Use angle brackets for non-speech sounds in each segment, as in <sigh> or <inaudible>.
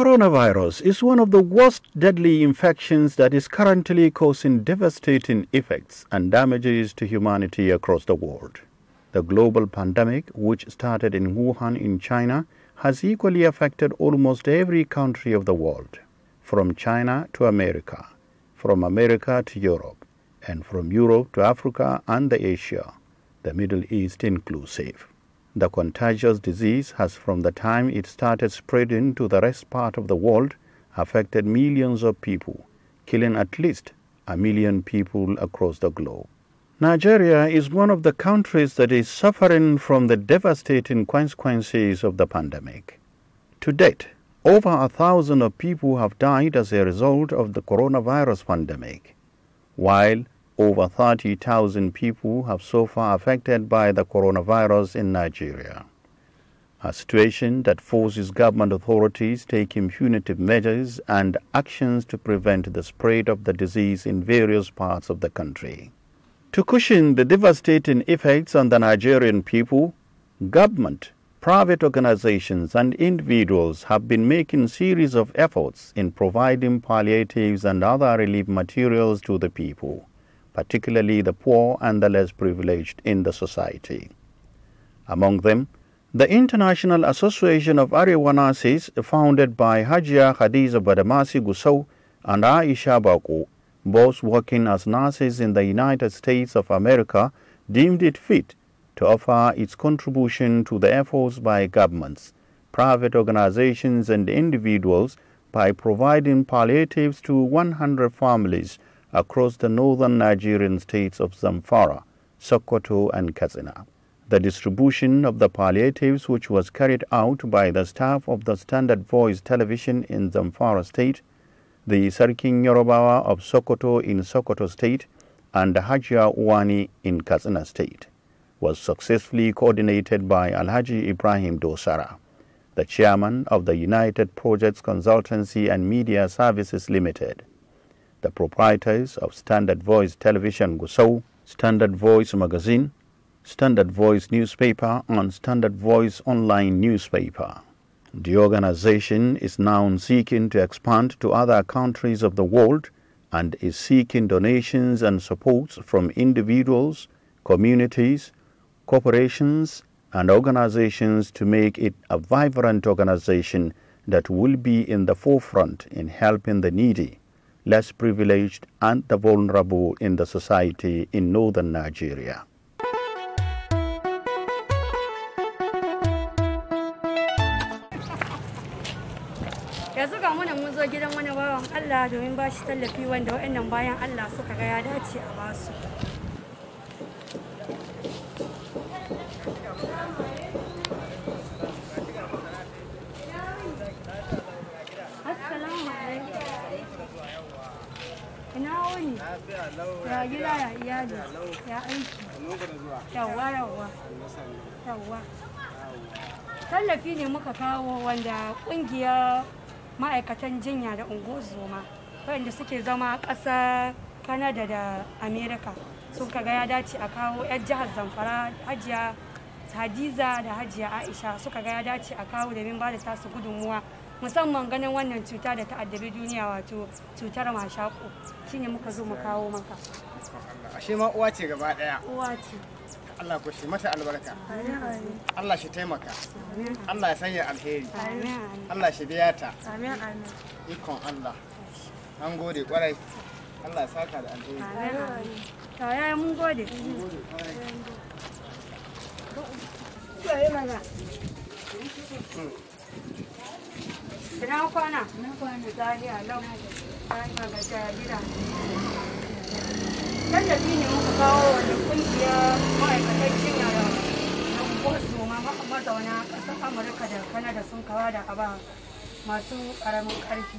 coronavirus is one of the worst deadly infections that is currently causing devastating effects and damages to humanity across the world. The global pandemic, which started in Wuhan in China, has equally affected almost every country of the world, from China to America, from America to Europe, and from Europe to Africa and the Asia, the Middle East inclusive. The contagious disease has, from the time it started spreading to the rest part of the world, affected millions of people, killing at least a million people across the globe. Nigeria is one of the countries that is suffering from the devastating consequences of the pandemic. To date, over a thousand of people have died as a result of the coronavirus pandemic, while over 30,000 people have so far affected by the coronavirus in Nigeria. A situation that forces government authorities take punitive measures and actions to prevent the spread of the disease in various parts of the country. To cushion the devastating effects on the Nigerian people, government, private organizations and individuals have been making series of efforts in providing palliatives and other relief materials to the people particularly the poor and the less privileged in the society. Among them, the International Association of Arewanasis, founded by Hajia Khadija Badamasi Gusau and Aisha Baku, both working as nurses in the United States of America, deemed it fit to offer its contribution to the efforts by governments, private organizations and individuals by providing palliatives to 100 families across the northern Nigerian states of Zamfara, Sokoto and Katsina. The distribution of the palliatives which was carried out by the staff of the Standard Voice television in Zamfara state, the Sarkin Yorobawa of Sokoto in Sokoto state, and Hajia Uwani in Katsina state was successfully coordinated by Alhaji Ibrahim Dosara, the chairman of the United Projects Consultancy and Media Services Limited the proprietors of Standard Voice Television Gusau, Standard Voice Magazine, Standard Voice Newspaper, and Standard Voice Online Newspaper. The organization is now seeking to expand to other countries of the world and is seeking donations and supports from individuals, communities, corporations, and organizations to make it a vibrant organization that will be in the forefront in helping the needy less privileged and the vulnerable in the society in northern Nigeria. Allah domin ba shi tallafi wanda waɗannan bayan Allah suka ga ya dace a basu. ya gida iyali ya aiki yawwa yawwa yawwa tallafi ne muka kawo wanda kungiyar ma'aikatan jinya da ungozoma waɗanda suke zama ƙasar kanada da amerika sun kaga ya dace a kawo 'yar jihar zamfara hajiya hadiza da hajiya aisha suka ga ya dace a kawo domin ba da tasu gudunmuwa musamman ganin wannan cuta da ta addabi duniya wato cutar mashaƙo shine muka zo mu kawo maka ashe ma uwa ce gaba daya uwa ce Allah ku shi mata albarka Allah shi taimaka Allah ya sanya alheri Allah shi biya ta ikon Allah an gode kwarai Allah ya saka da alheri ta yaya mun gode Hmm. Ina kwana? Ina kwana. Lahiya lau. Lahiya ga jarira. Tallafi ne muka kawo wani kungiya ma'aikatan jinya da na gozo ma mazauna ƙasar Amurka da Kanada sun kawo da aba masu ƙaramin ƙarfi.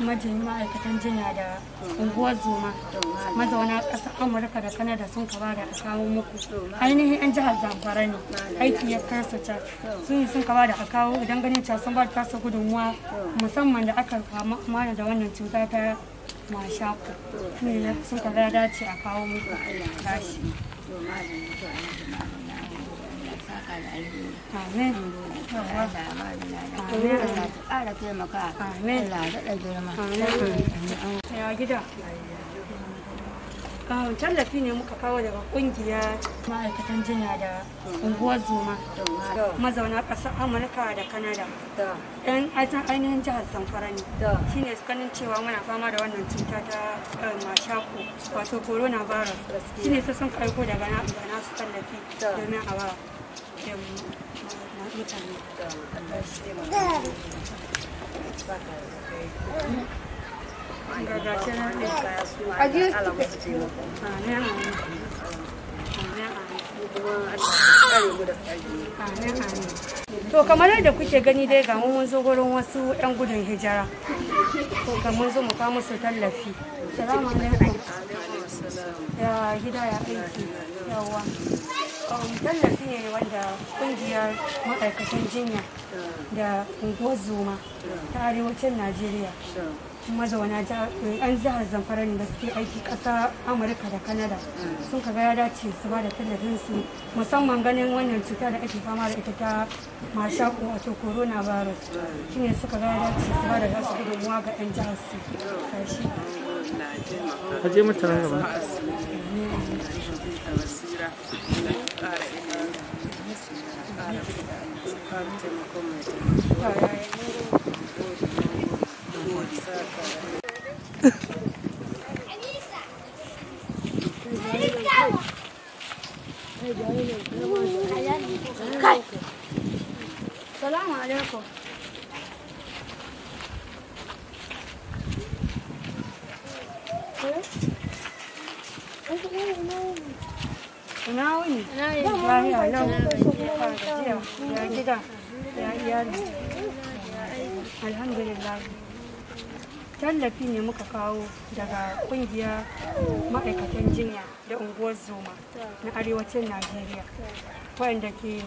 majiyin ma'aikatan jinya da unguwar zoma mazauna ƙasar amurka da kanada sun kaba da a kawo muku ainihin yan jihar zamfara ne aiki ya kasa can sun sun kaba da a kawo idan ganin can sun ba da tasa gudunmuwa musamman da aka kama da wannan cuta ta masha sun kaba dace a kawo muku tashi amin amin amin ya gida tallafi ne muka kawo daga kungiya ma'aikatan jinya da unguwar zuma mazauna ƙasar amurka da kanada yan aisan ainihin jihar zamfara ne Shi ne ganin cewa muna fama da wannan cuta ta mashaku wato coronavirus shine sai sun karko daga nasu tallafi domin a To kamar yadda kuke gani dai ga mun zo gurin wasu 'yan gudun hijira. To ga mun zo mu kawo musu tallafi. Salamu alaikum. ya gida ya aiki yawa um, tallafi ne wanda kungiyar ma'aikatan jinya da unguwar zoma ta arewacin najeriya mazauna eh, an jihar zamfara ne da suke aiki ƙasa amurka da kanada sun ka ya dace su ba da tallafin su musamman ganin wannan cuta da ake fama da ita ta mashaƙo wato shi shine suka ga ya dace su ba da nasu gudunmuwa ga yan jihar su tashi Thank you. Thank you. tallafi ne muka kawo daga kungiyar ma'aikatan jinya da unguwar zoma na arewacin najeriya wadanda ke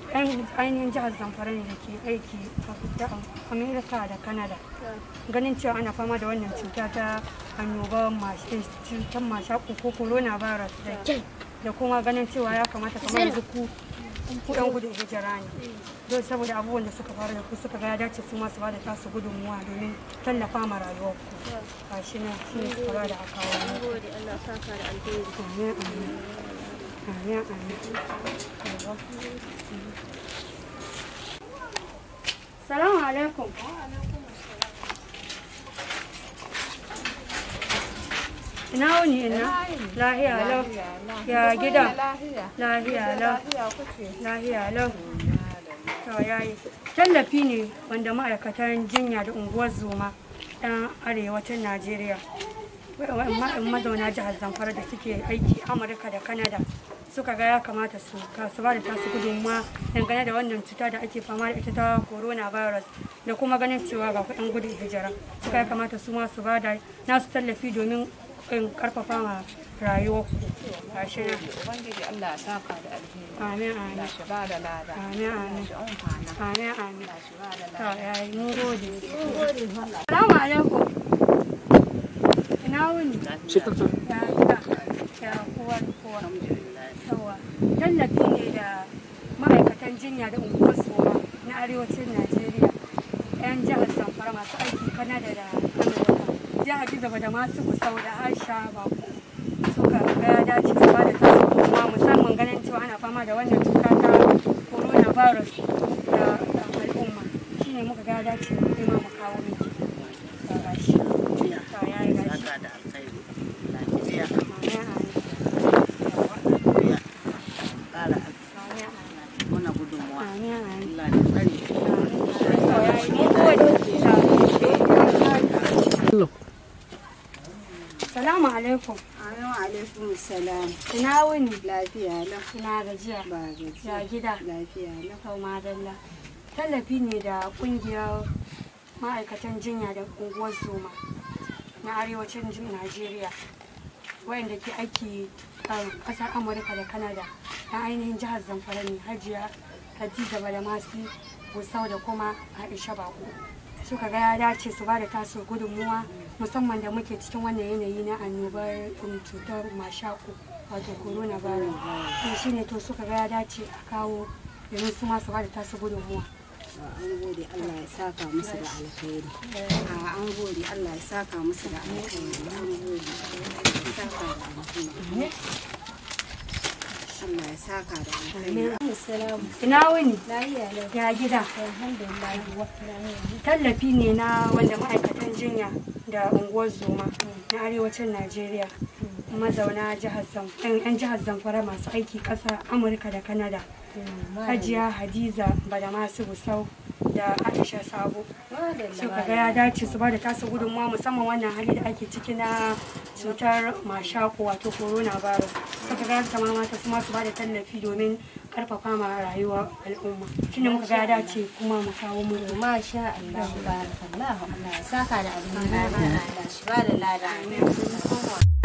ainihin jihar zamfara ne da ke aiki a amerika da canada ganin cewa ana fama da wannan cuta ta annoba cutar mashaku ko coronavirus da kuma ganin cewa ya kamata kamar zuku ku gudun hijira ne don saboda abubuwan da suka faru da ku suka ga ya dace su masu da tasu gudunmuwa domin tallafa ma rayuwar ku ga shi nan shi ne suka da aka kawo mu gode Allah da alheri amin amin amin amin salamu alaikum ina wuni ina lahiya lau ya gida lahiya lau lahiya lau to yayi tallafi ne wanda ma'aikatan jinya da unguwar zoma 'yan arewacin najeriya mazauna jihar zamfara da suke aiki amurka da kanada suka ga ya kamata su kasu ba da tasu gudunmuwa dangane da wannan cuta da ake fama da ita ta coronavirus da kuma ganin cewa ga kuɗin gudun hijira suka ya kamata su ma su ba da nasu tallafi domin in karfafa ma rayuwa a shi ubangiji Allah ya saka da alheri amin amin da da lada amin amin amin amin da lada yayi mun gode mun gode assalamu alaikum ina wuni ta ya kowa tallafi ne da ma'aikatan jinya da unguwar soma na arewacin Najeriya 'yan jihar Zamfara masu aiki Kanada da Amurka ji hadiza ba da masu kusau da aisha ba suka ga ya dace su ba da kasu kuma musamman ganin cewa ana fama da wannan cuta ta virus da al'umma shine muka ga ya dace mu kawo miki salam. Ina wuni? Lafiya Ina gajiya. Ba gajiya. Ya gida. Lafiya Kau madalla. Tallafi ne da kungiyar ma'aikatan jinya da unguwar zoma na arewacin Najeriya wayanda ke aiki a kasar Amurka da Kanada na ainihin jihar Zamfara ne Hajiya Hadiza Balamasi Gusau da kuma Aisha Bako. Suka ga ya dace su ba da tasu gudunmuwa musamman da muke cikin wannan yanayi na annobar um, cutar mashaku wato coronavirus to shi ne to suka ga ya dace a kawo domin su masu ba da tasu gudunmuwa an gode Allah Allah ya saka da Ina wuni? Ya gida. Tallafi ne na wanda ma'aikatan jinya da unguwar zoma na arewacin Najeriya. Mazauna jihar Zamfara, 'yan jihar Zamfara masu aiki ƙasa Amurka da Kanada. Mm, Hajiya Hadiza Badamasu Gusau. da Aisha Sabo. So kaga ya dace su ba da tasa gudunmawa musamman wannan hali da ake ciki na cutar mashako wato coronavirus. su kaga ya kama mata kuma su ba da tallafi domin karfafa ma rayuwar al'umma. Shine muka ga ya dace kuma mu kawo mu da masha Allah barakallahu Allah saka da abin da ba da lada.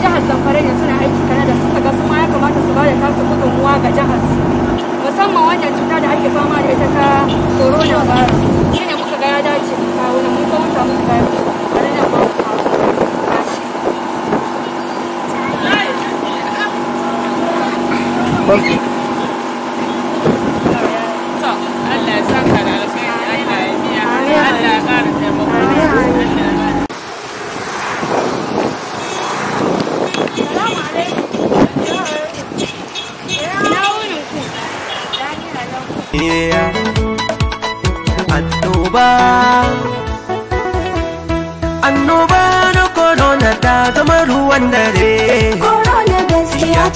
jihar zamfara ne suna aiki kana da suka ga suma ya kamata su ba da tasu gudunmuwa ga jihar su musamman wajen cuta da ake fama da ita ta corona virus shi ne muka ga ya dace mu kawo na mun kawo ta muka bayar da Thank you. Allah ya saka da alkhairi Allah ya biya Allah ya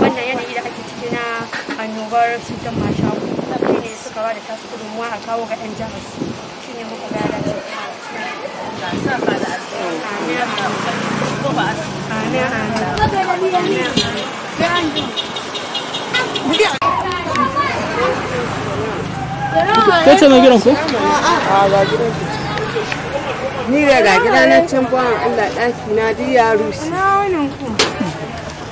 wannan yanayi da ake ciki na annobar cutar mashawu shi ne suka ba da tasu a kawo ga 'yan jihar su shi ne muka ga da Ko ce gidan Ni da na can Allah ɗaki na Na wani ku.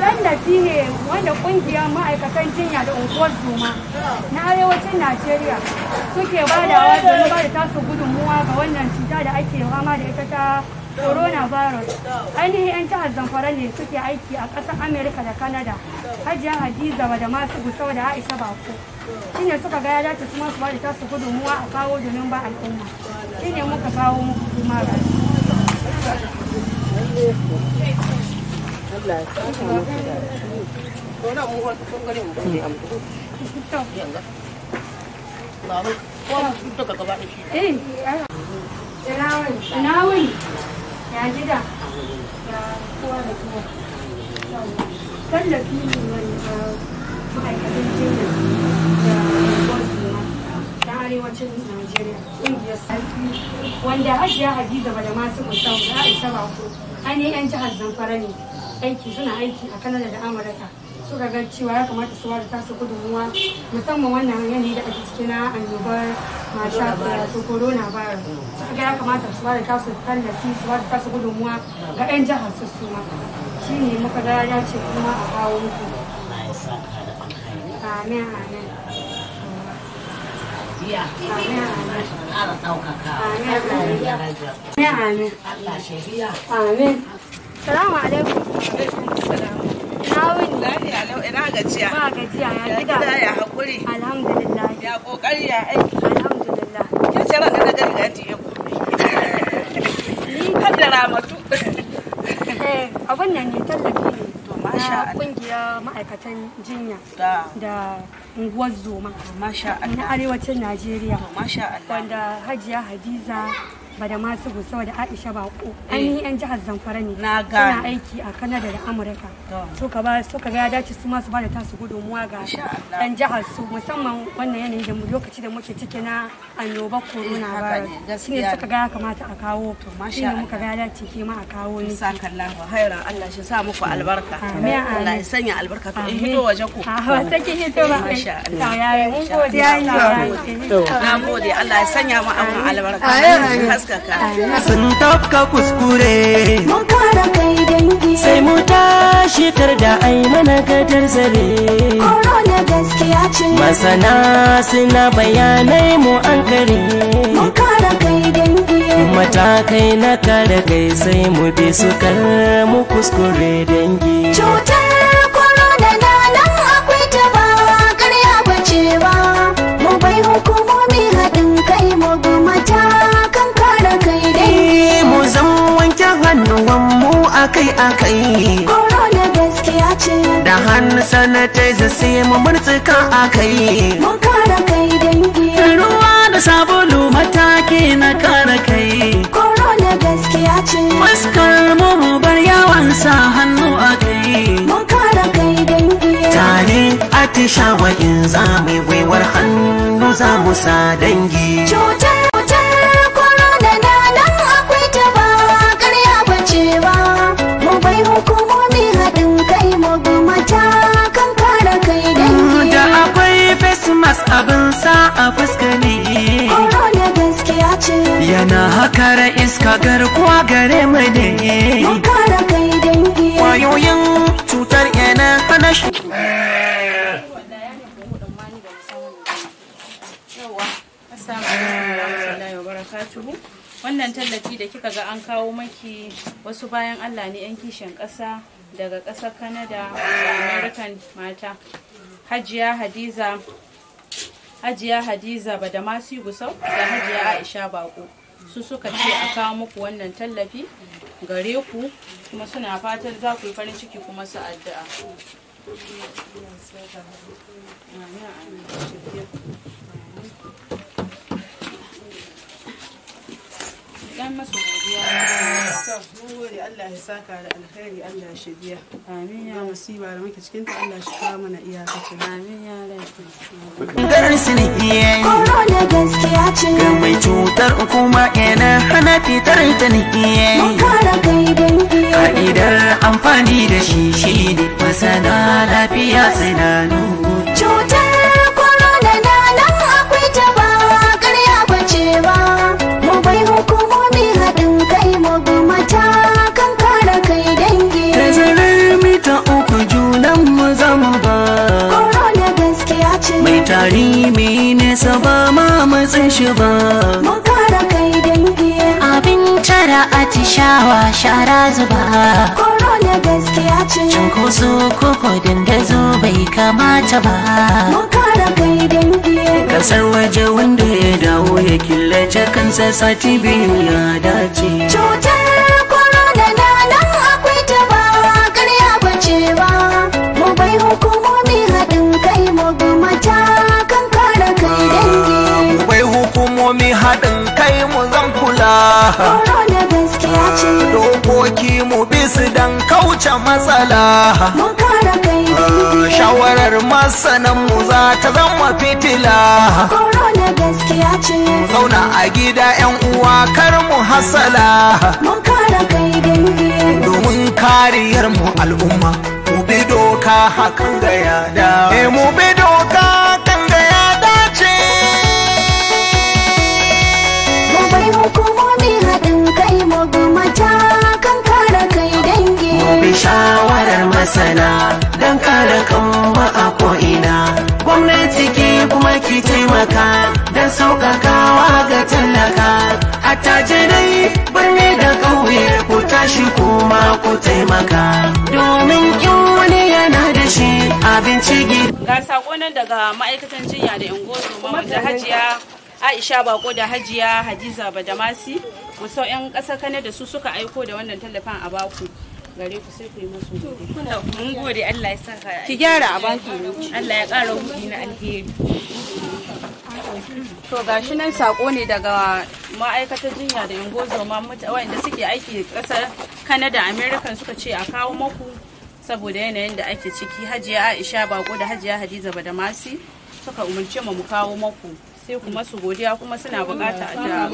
tallafi ne wanda kungiyar ma'aikatan jinya da unguwar zuma na arewacin najeriya suke badawa domin ba da tasu gudunmuwa ga wannan cuta da ake fama da ita ta coronavirus ainihin 'yan jihar zamfara ne suke aiki a ƙasar amerika da canada hajiya hadiza da masu gusau da aisha bako shine suka ga ya dace kuma su ba da tasu gudunmuwa a kawo domin ba al'umma shine muka kawo muku kuma rayu wanda hajiya hadiza ba da masu musamman aisha ba an yi 'yan jihar zamfara ne aiki suna aiki a kanada da amurka suka ga cewa ya kamata su ware tasu gudunmuwa musamman wannan yanayi da ake ciki na annobar masha su corona virus suka ga ya kamata su ware tasu tallafi su ware tasu gudunmuwa ga 'yan jihar su suma shi ne muka ga ya ce kuma a kawo muku Salamu alaikum. Na wuni. Lafiya lau gajiya. Ba gajiya ya gida. Ya ya hakuri. Alhamdulillah. Ya kokari na gani ya kuɗi. Har da ramatu. Eh, tallafi ne. To masha ma'aikatan jinya. Da. Da unguwar Zoma. Na arewacin Najeriya. Masha Hajiya Hadiza ba da masu gusa da aisha ba bako eh. ainihin yan jihar zamfara ne suna aiki a Canada da amurka suka ba ka ga ya dace su masu ba da tasu gudunmuwa ga yan jihar su musamman wannan yanayi da lokaci da muke ciki na annoba corona virus shi ne suka ga ya kamata a kawo shi ne muka ga ya dace ke ma a kawo ne sa kallon hairan Allah shi sa muku albarka Amin Allah ya sanya albarka to in hito waje ku a sake hito ba masha Allah ya yi mun godiya ne na gode Allah ya sanya mu abun albarka sun tafka kuskure mun kara kai dangi sai mu tashi tar da ai mana gadar zare corona gaskiya ce masana suna bayanai mu an kare mun kara kai dangi matakai na kare kai sai mu bi su kar mu kuskure dangi cuta rayuwan mu akai akai korona gaskiya ce da hannu sanitizer sai mu murtuka akai mun kara kai dangi ruwa da sabulu mataki na kara kai korona gaskiya ce fuskar mu mu bar yawan sa hannu akai mun kara kai dangi tare atishawa in za mu gwiwar hannu za mu sa dangi gumata kan kare kai dangi da akwai face mask abin sa a fuska ne corona gaskiya ce yana hakara iska garkuwa gare mu da barakatuhu wannan tallafi da kika ga an kawo maki wasu bayan allah ne yan kishin ƙasa daga ƙasar canada da american mata hajiya hadiza hajiya hadiza badamasi gusau da hajiya aisha bako su suka ce a kawo muku wannan tallafi gare ku kuma suna fatan za ku yi farin ciki kuma su addu'a ai masu godiya mun gode Allah ya saka da alkhairi Allah shi biya amin ya musiba da muke cikin ta Allah shi kawo mana iyakacin amin ya lafi darasin iyaye corona gaskiya ce ga mai cutar kuma yana hana fitar ta ne iyaye mun kara kai don ka'idar amfani da shi shi ne masana lafiya sai na nuna mu junan mu zama ba corona gaskiya ce mai tari mai nesa ba ma matsin shi ba mu kai dangi abin tara atishawa shara zuba corona gaskiya ce cunkoso koko dandazo bai kamata ba mu kai dangi kasar waje wanda ya dawo ya killace kansa sati biyu ya dace cutar hukumomi haɗin kai mu bi matakan kare akwai hukumomi haɗin kai mu zan kula gaskiya ce dokoki mu bi su dan kauce matsala mun kai ah, shawarar masanan mu za ta zama fitila gaskiya ce zauna a gida yan uwa kar mu hasala mun kai domin kariyar mu al'umma doka hakan ga yada e eh, mu bi doka kan ga yada ce mu bai hukumomi haɗin kai mu bi matakan kare kai dangi mu bi shawarar masana don kare kanmu a ko'ina gwamnati ki kuma ki taimaka don sauƙaƙawa ga tallaka attajirai birni da ƙauye ku tashi kuma ku taimaka domin in wani abinci abinci ga sako daga ma'aikatan jinya da yan gozo da hajiya aisha bako da hajiya hadiza badamasi musau yan kasa kane da su suka aiko da wannan tallafin a baku gare ku sai ku yi masu mun gode Allah ya saka ki gyara a baki Allah ya kara hudi na alheri to gashi nan sako ne daga ma'aikatar jinya da yango zoma wanda suke aiki kasar Canada American suka ce a kawo maku saboda yanayin da ake ciki hajiya aisha bako da hajiya hadiza badamasi suka umarce mu kawo maku sai kuma su godiya kuma suna bukata a da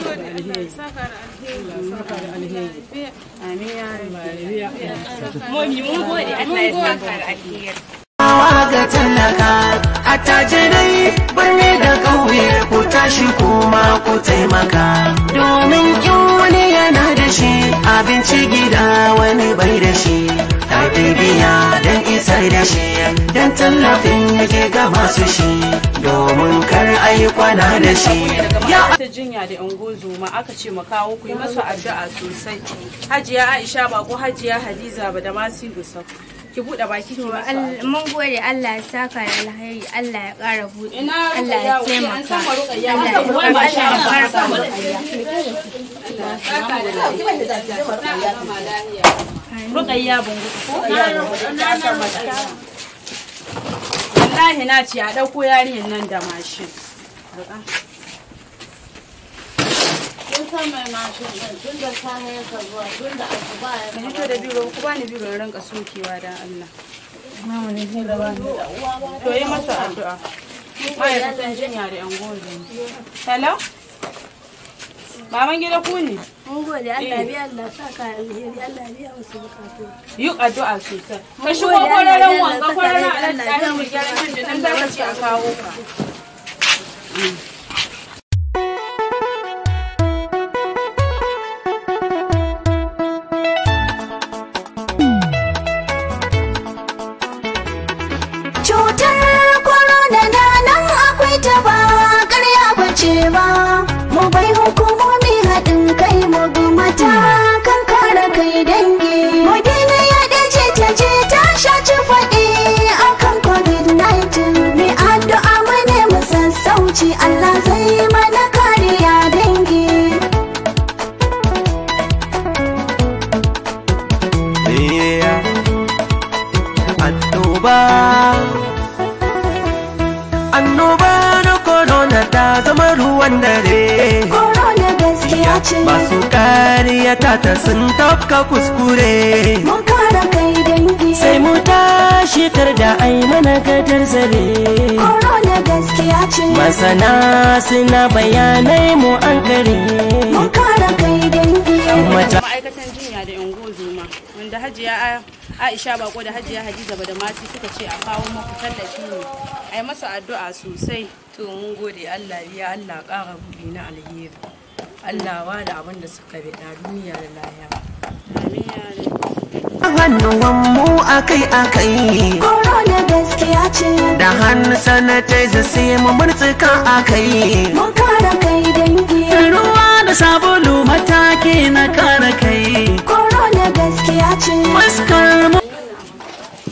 Momi mun gode a da ƙauye ku tashi kuma ku taimaka. Domin in wani yana da shi abinci gida wani bai da shi. ta bibiya don isar da shi don tallafin yake ga masu shi domin kar a yi kwana da shi ya ta jinya da unguzuma aka ce mu kawo ku yi masu addu'a sosai hajiya aisha bako hajiya hadiza ba da masu gusau ki buɗe baki ki mun gode Allah ya saka da alheri Allah ya kara buɗe Allah ya taimaka Allah ya ya buɗe Rukayya bungudu ko? Wallahi na ce a ɗauko yarinyar nan da mashin. Kun san mai mashin tun da ya tun da asuba ya Ka da biro ku bani biro Allah. To masa addu'a. jinya da Hello? Baban gida ku ne? mun gode Allah eh. biya Allah sa ka alheri Allah biya wasu yi addu'a sosai ka shigo kwararren wanga kwararren a nan nan da ka ce a kawo ka mm. aisha bako da hajiya hadiza da mati suka ce a kawo muku tallafi ne ai masa addu'a sosai to mun gode allah biya allah ƙara buɗe na alheri allah wa da abin da suka biɗa duniya da lahiya amin ya a kai-a kai. korona gaskiya ce da hannu sanitizer sai mu a kai. mun kare kai dangi ruwa da sabulu mataki na kare kai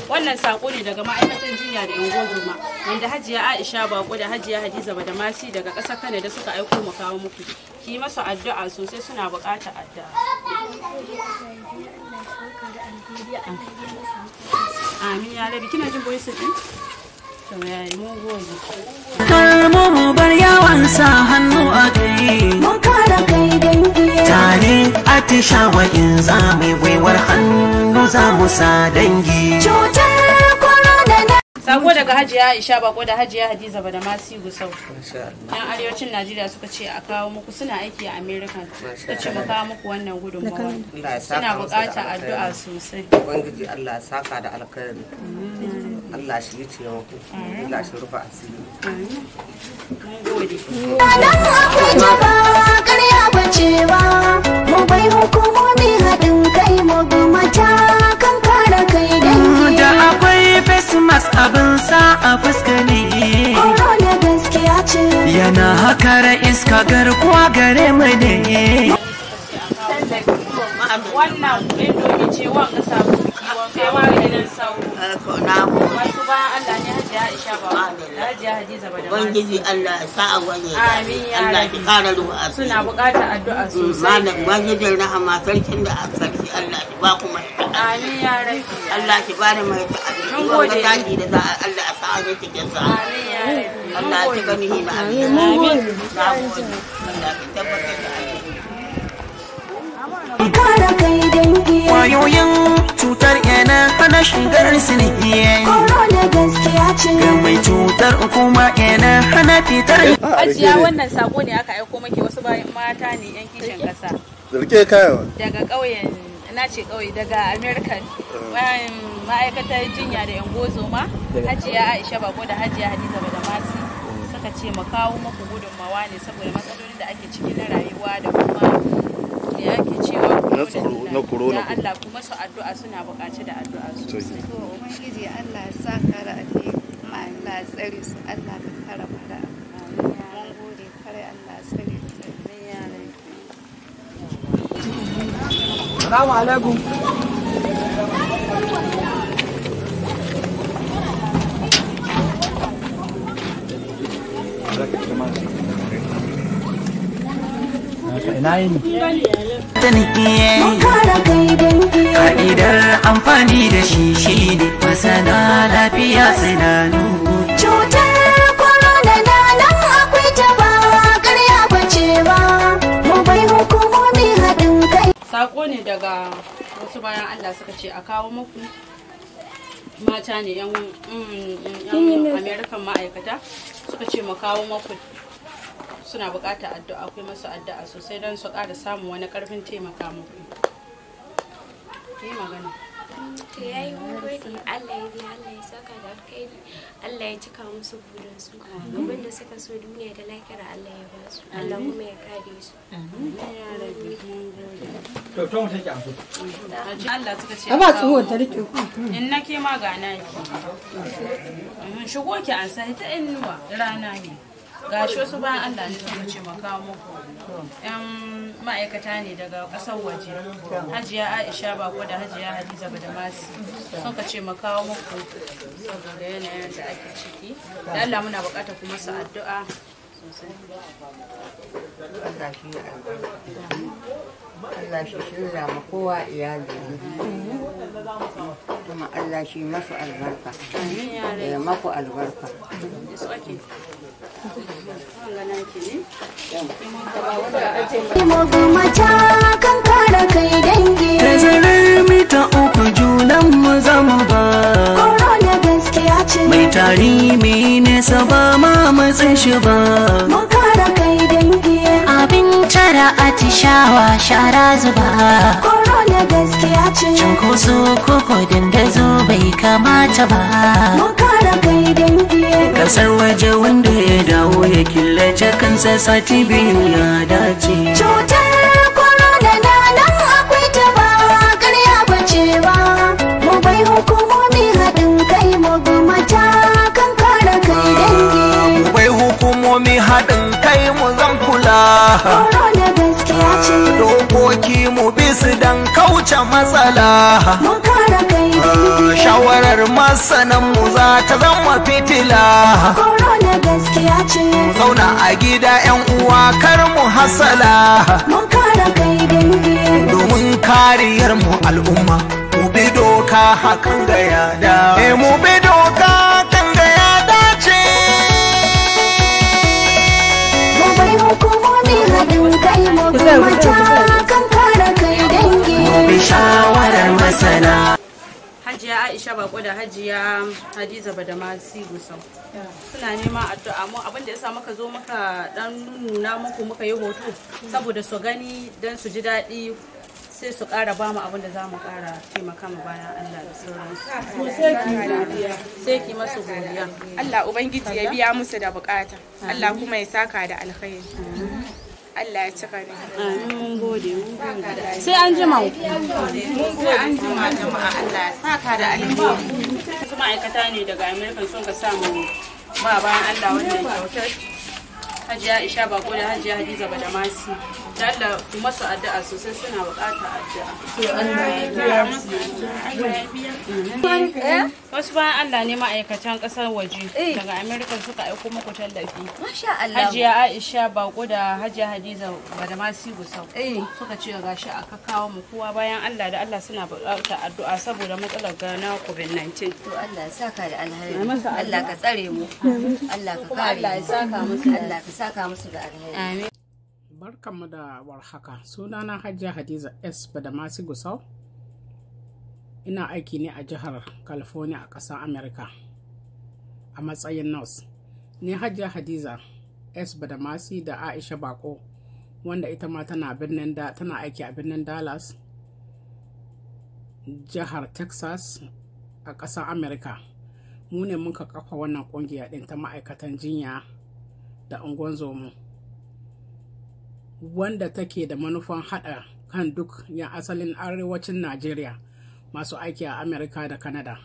wannan sako ne daga ma'aikatan jinya da yan gozuma wanda hajiya aisha bako da hajiya hadiza badamasi daga ƙasar kanada suka aiko mu kawo muku ki addu'a sosai suna buƙatar addu'a amin ya rabi kina jin din karmu mu bar yawan sa hannu a kai tare atishawa in za mu waiwar hannu za mu sa dangi sako daga hajiya aisha bako da hajiya hadiza ba da masu gusau yan arewacin najeriya suka ce a kawo muku suna aiki a america suka ce mu kawo muku wannan gudunmawa suna bukata addu'a sosai ubangiji allah saka da alkhairi allah shi yi taimako allah shi rufa asiri cewa mu bai hukumomi haɗin kai mu bi matakan kare kai dangi da akwai face mask abin sa a fuska ne gaskiya ce yana hakara iska garkuwa gare mu ne wannan domin cewa ka kama gidan sauro. Na Wasu bayan Allah ne Hajiya Aisha ba. Hajiya Hadiza ba da Ubangiji Allah ya sa a wani. Amin ya Allah ki kara ruwa a Suna buƙatar addu'a mm, sosai. Malam Ubangiji rahama sarkin da sarki Allah ki ba ku mai. Amin ya Allah ki ba da mai Mun gode. da a Allah sa a zai cikin sa. Amin ya rabi. Allah ki gani na amin. Mun Na gode. Allah ki da kare kai dangi kwayoyin cutar yana hana shigar siliki korona gaskiya ce ga mai cutar kuma yana hana fitar eh, ajiya wannan sako ne aka aiko maki wasu bayan mata ne yan kishin kasa rike kayawa daga ƙauyen na ce ƙauye daga american ma'aikatar jinya da yan gozoma hajiya aisha bako da hajiya hadiza badamasi mm. suka ce mu kawo muku gudunmawa ne saboda matsalolin da ake ciki na rayuwa da kuma da yake cewa na tsoro na Allah kuma su addu'a suna buƙaci da addu'a sosai to ubangiji Allah sa kara Allah su Allah ka kara fara mun gode kare Allah ya Assalamu alaikum ina yini fa'idar amfani da shi shi ne masana lafiya sinanu cutar korona na nan akwai ta ba karya bace ba mu bai hukumomi haɗin kai sako ne daga wasu bayan Allah suka ce a kawo muku mata ne yan mm, mm, amerikan ma'aikata suka ce mu kawo maku suna buƙatar addu'a ku masu addu'a sosai don su kara samun wani karfin taimaka muku yi magana to yayi yi gode Allah ya biya Allah ya saka da alkhairi Allah ya cika musu burin su abin da suka so duniya da lafiyar Allah ya ba su Allah kuma ya kare su to to mutum an so. Allah suka ce ba tsohon ta rike ku in nake ma ga na ki shigo ki an sai ta inuwa rana ne ga shi wasu bayan Allah ne suka ce maka muku yan ma'aikata ne daga ƙasar waje hajiya aisha ba ko da hajiya hadiza ba da badamasi suka ce maka muku saboda yanayin da ake ciki da Allah muna bukata kuma su addu'a sosai Allah shi shirya ma kowa iyali kuma Allah shi masu albarka ya eh, maku albarka mata kan da kai dangi Tazarar mita uku junan mu zama ba mai tari mai nesa ba ma matsin shi ba mun kai dangi abin tara atishawa shara zuba korona gaskiya ce cunkoso ko kodin zo bai kamata ba mun kai dangi kasar waje wanda ya dawo ya killace kansa sati biyu ya dace cutar gaskiya ce. Dokoki mu bisu dan kauce matsala. Mun Shawarar masanan mu za ta zama fitila. gaskiya ce. zauna a gida yan uwa kar mu hasala. Mun Domin kariyar mu al'umma. Mu bi doka hakan ga yada. Eh, mu bi doka. kai kan fara kai dangi shawarar masana Hajiya Aisha Bako da Hajiya Hadiza Badamasi sau suna neman addu'a mu abin da ya sa muka zo muka dan nuna muku muka yi hoto saboda su gani dan su ji daɗi sai su kara ba mu abin da za mu kara taimaka mu bayan Allah da sauransu. Sai ki masu godiya. Allah Ubangiji ya biya musu da bukata. Allah kuma ya saka da alkhairi. Allah ya cika ne. Amin mun gode. Sai an jima an jima jama'a Allah ya saka da alheri. Su ma'aikata ne daga Amerika sun ka samu ba bayan Allah wannan kyautar. Hajiya Isha Bako da Hajiya Hadiza Badamasi. Da Allah ku masu addu'a sosai suna buƙatar addu'a. Allah ya Allah ya wasu bayan Allah ne ma'aikatan kasar waje eh. daga Amerika suka aiko muku tallafi. Masha Allah. Hajiya Aisha Bako da Hajiya Hadiza Badamasi Gusau. Eh. Suka ce gashi a kawo mu kowa bayan Allah da Allah suna buƙatar addu'a saboda matsalar gana COVID-19. To Allah ya saka da alheri. Allah ka tsare mu. Allah ka kare. Allah ya saka musu Allah ka saka musu da alheri. Amin. Barkanmu da warhaka. Sunana Hajiya Hadiza S Badamasi Gusau. ina aiki ne a jihar california a ƙasar america a matsayin nurse ni hajiya hadiza s badamasi da aisha bako wanda ita ma tana aiki a birnin dallas jihar texas a ƙasar america mu ne muka kafa wannan ƙungiya ɗin ta ma'aikatan jinya da unguwan wanda take da manufan haɗa kan duk yan asalin arewacin najeriya masu aiki a Amerika da Kanada,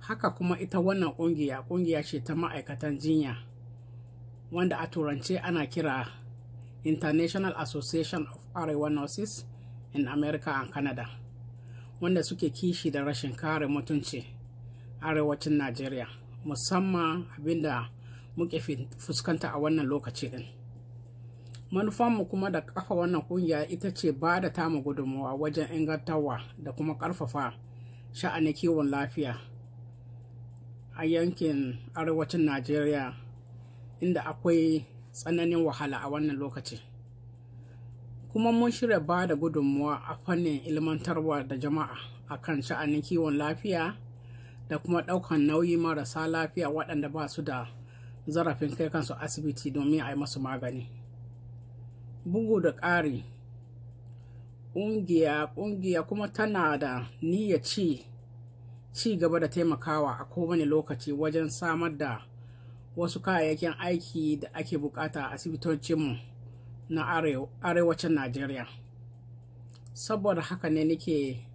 Haka kuma ita wannan ƙungiya ƙungiya ce ta ma'aikatan jinya wanda a turance ana kira International Association of Arewa Nurses in America and Canada wanda suke kishi da rashin kare mutunci arewacin Najeriya musamman abinda muke fuskanta a wannan lokaci din. manufanmu kuma da kafa wannan kungiya ita ce ba da tamu gudunmuwa wajen ingantawa da kuma karfafa sha'anin kiwon lafiya a yankin arewacin najeriya inda akwai tsananin wahala a wannan lokaci kuma mun shirya ba da gudunmuwa a fannin ilmantarwa da jama'a akan sha'anin kiwon lafiya da kuma ɗaukan nauyi marasa lafiya waɗanda ba su da zarafin kai kansu asibiti domin a yi masu magani. bugu da ƙari ƙungiya ƙungiya kuma tana da niyyar ci ci gaba da taimakawa a kowane lokaci wajen samar da wasu kayayyakin aiki da ake bukata a asibitocinmu na arewacin najeriya saboda haka ne nake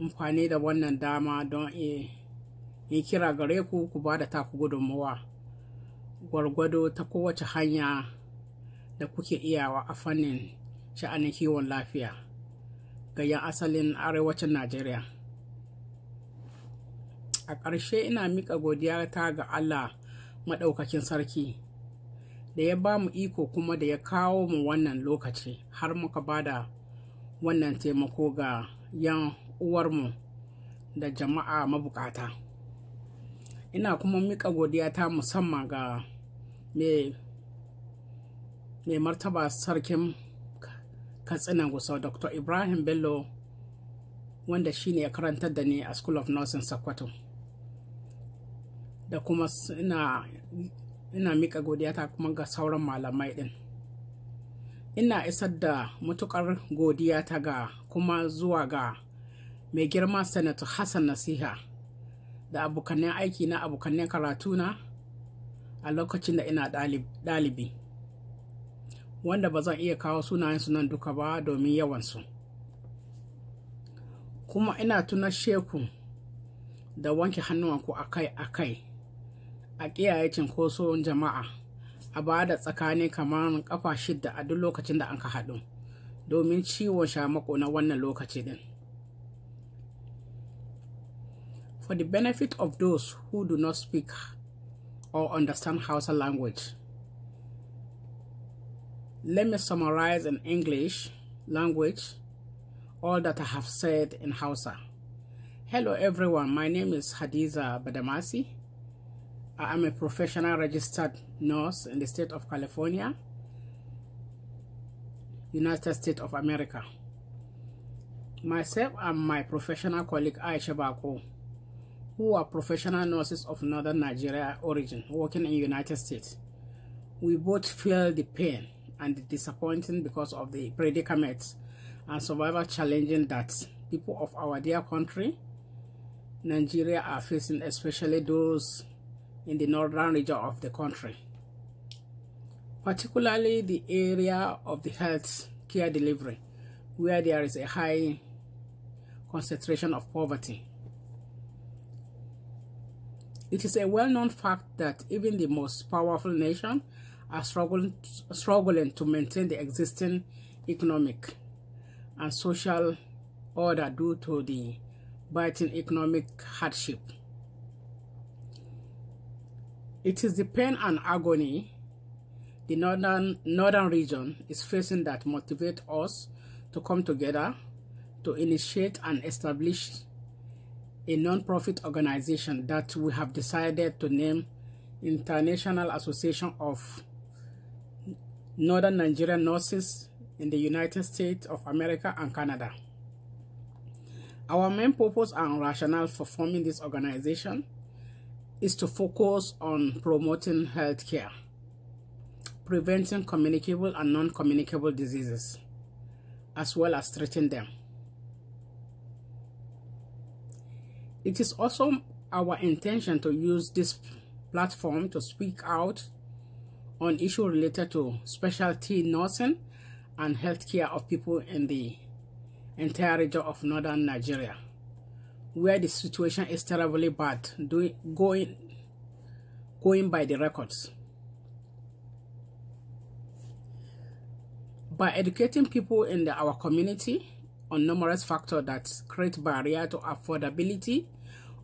amfani da wannan dama don yi kira gare ku ku ba da taku gudunmawa gwargwado ta kowace hanya da kuke iyawa a fannin sha'anin kiwon lafiya ga 'yan asalin arewacin najeriya a ƙarshe ina miƙa godiya ta ga allah maɗaukakin sarki da ya ba mu iko kuma da ya kawo mu wannan lokaci har muka ba da wannan taimako ga 'yan uwarmu da jama'a mabukata ina kuma miƙa godiya ta musamman ga mai mai martaba sarkin katsina gusau dr ibrahim bello wanda shine ya karantar da ni a school of nursing sokoto da kuma ina, mika godiyata kuma ga sauran malamai din ina isar da matukar godiyata ga kuma zuwa ga mai girma senator hassan nasiha da abokanen aiki na abokanen karatu na a lokacin da ina ɗalibi wanda ba zan iya kawo sunayen nan duka ba domin yawansu kuma ina tuna sheku da wanke hannuwanku akai-akai a kiyaye cinkoson jama'a a ba da tsakani kamar kafa shidda a duk lokacin da an ka haɗu domin ciwon sha mako na wannan lokaci din for the benefit of those who do not speak or understand Hausa language Let me summarize in English language all that I have said in Hausa. Hello everyone, my name is Hadiza Badamasi. I am a professional registered nurse in the state of California, United States of America. Myself and my professional colleague Aisha Bako, who are professional nurses of Northern Nigeria origin working in United States. We both feel the pain and disappointing because of the predicaments and survival challenging that people of our dear country, Nigeria, are facing, especially those in the northern region of the country, particularly the area of the health care delivery, where there is a high concentration of poverty. It is a well-known fact that even the most powerful nation are struggling, struggling to maintain the existing economic and social order due to the biting economic hardship. It is the pain and agony the northern, northern region is facing that motivate us to come together to initiate and establish a non-profit organization that we have decided to name International Association of Northern Nigerian nurses in the United States of America and Canada. Our main purpose and rationale for forming this organization is to focus on promoting healthcare, preventing communicable and non-communicable diseases, as well as treating them. It is also our intention to use this platform to speak out on issue related to specialty nursing and healthcare of people in the entire region of northern Nigeria, where the situation is terribly bad, doing, going, going by the records. By educating people in the, our community on numerous factors that create barrier to affordability